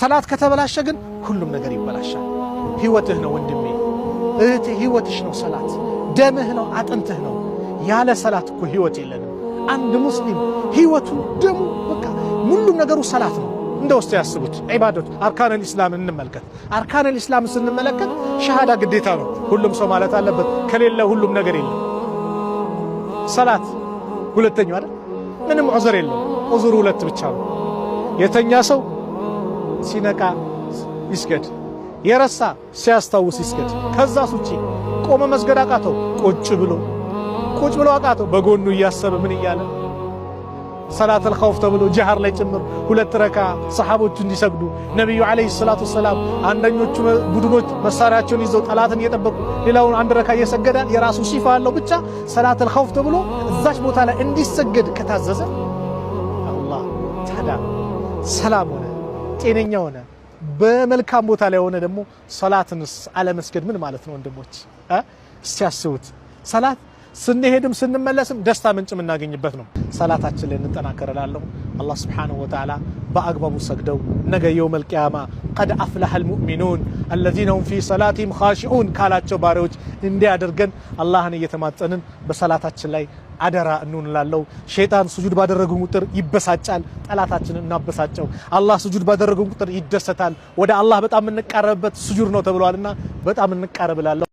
ሰላት ከተበላሸ ግን ሁሉም ነገር ይበላሻል። ህይወትህ ነው ወንድሜ፣ እህት ህይወትሽ ነው። ሰላት ደምህ ነው፣ አጥንትህ ነው። ያለ ሰላት እኮ ህይወት የለንም። አንድ ሙስሊም ህይወቱ ደሙ፣ በቃ ሙሉ ነገሩ ሰላት ነው። እንደ ውስጥ ያስቡት ዒባዶች፣ አርካነል ኢስላም እንመልከት። አርካነል ኢስላም ስንመለከት ሸሃዳ ግዴታ ነው፣ ሁሉም ሰው ማለት አለበት። ከሌለ ሁሉም ነገር የለም። ሰላት ሁለተኛው አይደል? ምንም ዑዝር የለም። ዑዝሩ ሁለት ብቻ ነው። የተኛ ሰው ሲነቃ ይስገድ፣ የረሳ ሲያስታውስ ይስገድ። ከዛስ ውጪ ቆመ መስገድ አቃተው፣ ቁጭ ብሎ ቁጭ ብሎ አቃተው፣ በጎኑ እያሰበ ምን እያለ ሰላተል ኸውፍ ተብሎ ጀሃር ላይ ጭምር ሁለት ረካ ሰሓቦቹ እንዲሰግዱ ነቢዩ ዓለይሂ ሰላቱ ወሰላም አንደኞቹ ቡድኖች መሳሪያቸውን ይዘው ጠላትን እየጠበቁ ሌላውን አንድ ረካ እየሰገደ የራሱ ሲፋ አለው። ብቻ ሰላተል ኸውፍ ተብሎ እዛች ቦታ ላይ እንዲሰገድ ከታዘዘ አላህ ታዲያ ሰላም ሆነ። ጤነኛ ሆነ በመልካም ቦታ ላይ ሆነ ደግሞ ሰላትንስ አለመስገድ ምን ማለት ነው ወንድሞች? እስቲ ሰላት ስንሄድም ስንመለስም ደስታ ምንጭ የምናገኝበት ነው። ሰላታችን ላይ እንጠናከረላለሁ አላ ስብን ወተላ በአግባቡ ሰግደው ነገ የውመል ቂያማ ቀድ አፍላሃ ልሙእሚኑን አለዚነ ሁም ፊ ሰላቲሂም ኻሺዑን ካላቸው ባሪዎች እንዲያደርገን አላህን እየተማጸንን በሰላታችን ላይ አደራ እንሆንላለው። ሸይጣን ስጁድ ባደረግን ቁጥር ይበሳጫል፣ ጠላታችን እናበሳጨው። አላህ ስጁድ ባደረግን ቁጥር ይደሰታል። ወደ አላህ በጣም የምንቃረብበት ስጁድ ነው ተብሏልና በጣም እንቃረብላለሁ።